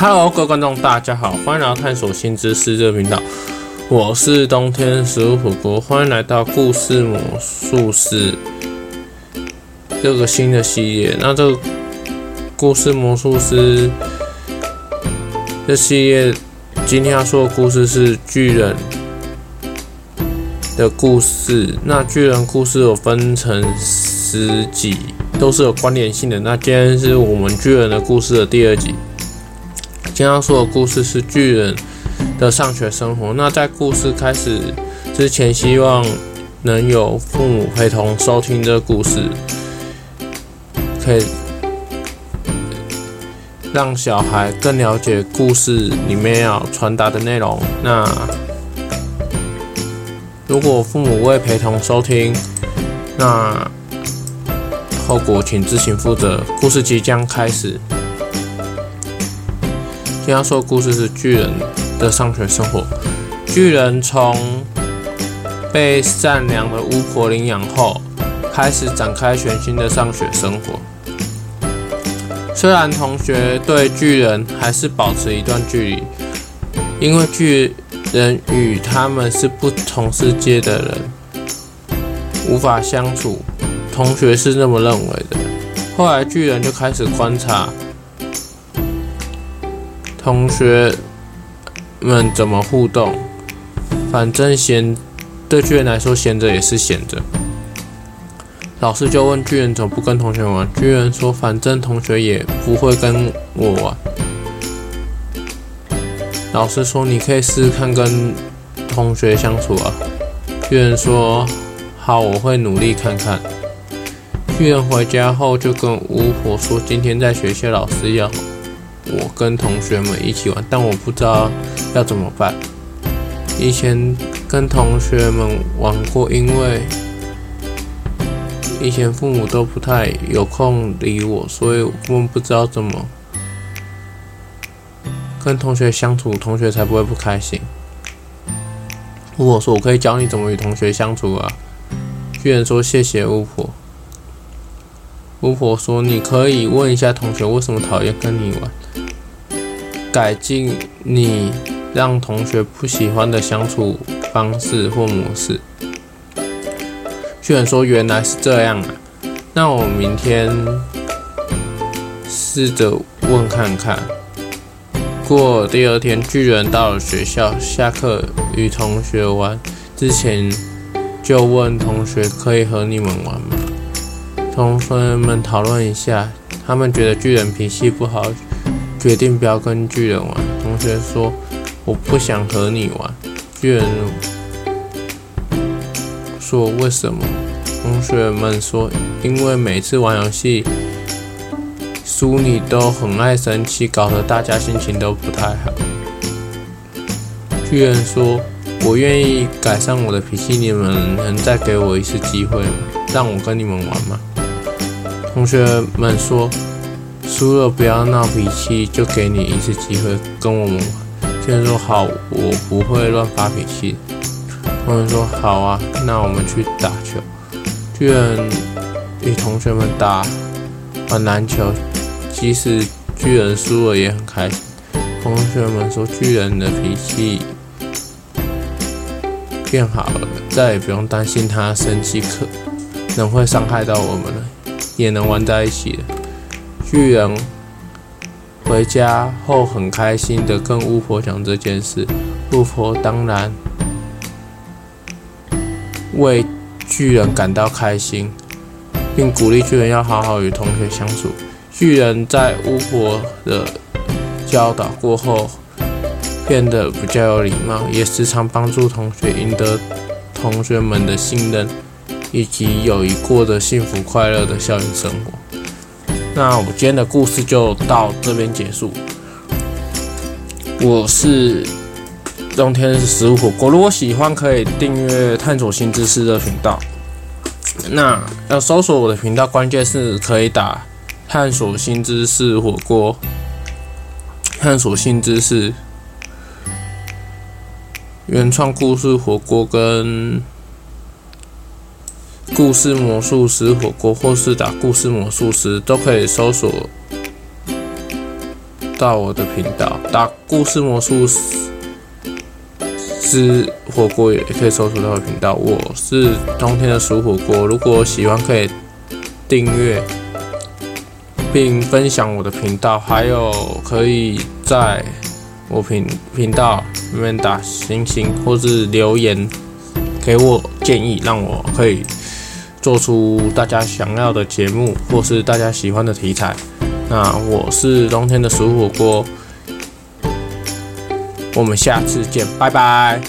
哈嘍，各位觀眾，大家好，歡迎來到探索新知識這個頻道。我是冬天食物火鍋，歡迎來到故事魔術師這個新的系列。那這個故事魔術師這系列，今天要說的故事是巨人的故事。那巨人故事有分成十集，都是有關聯性的。那今天是我們巨人的故事的第二集。今天要說的故事是巨人的上學生活。那在故事開始之前，希望能有父母陪同收聽這個故事，可以讓小孩更了解故事裡面要傳達的內容。那如果父母未陪同收聽，那後果請自行負責。故事即將開始。要說故事是巨人的上學生活，巨人從被善良的巫婆領養後，開始展開全新的上學生活。雖然同學對巨人還是保持一段距離，因為巨人與他們是不同世界的人，無法相處。同學是那麼認為的。後來巨人就開始觀察。同學們怎麼互動？反正閒，對巨人來說閒着也是閒着老師就問巨人怎麼不跟同學玩，巨人說，反正同學也不會跟我玩。老師說，你可以試試看跟同學相處啊。巨人說好，我會努力看看。巨人回家後就跟巫婆說，今天在學校老師要我跟同學們一起玩，但我不知道要怎麼辦。以前跟同學們玩過，因為以前父母都不太有空理我，所以我不知道怎麼跟同學相處，同學才不會不開心。巫婆說：“我可以教你怎麼與同學相處啊！”巨人說：“謝謝巫婆。”巫婆說：“你可以問一下同學為什麼討厭跟你玩。”改進你讓同學不喜歡的相處方式或模式。巨人說：“原來是這樣啊，那我明天試着問看看。”過第二天，巨人到了學校，下課與同學玩之前就問同學：“可以和你們玩嗎？”同學們討論一下，他們覺得巨人脾氣不好。決定不要跟巨人玩。同學說：“我不想和你玩。”巨人說：“為什麼？”同學們說：“因為每次玩遊戲，輸你都很愛生氣，搞得大家心情都不太好。”巨人說：“我願意改善我的脾氣，你們能再給我一次機會嗎？讓我跟你們玩嗎？”同學們說。輸了不要鬧脾氣，就給你一次機會跟我們玩。巨人說好，我不會亂發脾氣。同學說好啊，那我們去打球。巨人與同學們打玩啊、籃球，即使巨人輸了也很開心。同學們說巨人的脾氣變好了，再也不用擔心他生氣可能會傷害到我們了，也能玩在一起了。巨人回家後很開心的跟巫婆講這件事，巫婆當然為巨人感到開心，並鼓勵巨人要好好與同學相處。巨人在巫婆的教導過後，變得比較有禮貌，也時常幫助同學，贏得同學們的信任以及友誼，過着幸福快樂的校園生活。那我們今天的故事就到這邊結束。我是冬天食物火鍋，如果喜歡可以訂閱“探索新知識”的頻道。那要搜索我的頻道，關鍵是可以打“探索新知識火鍋”、“探索新知識原創故事火鍋”跟。故事魔術師火鍋，或是打故事魔術師，都可以搜索到我的頻道。打故事魔術師火鍋也可以搜索到我頻道。我是冬天的鼠火鍋，如果喜歡可以訂閱並分享我的頻道，還有可以在我頻頻道裡面打星星或是留言給我建議，讓我可以。做出大家想要的節目，或是大家喜歡的題材。那我是冬天的熟火鍋，我們下次見，拜拜。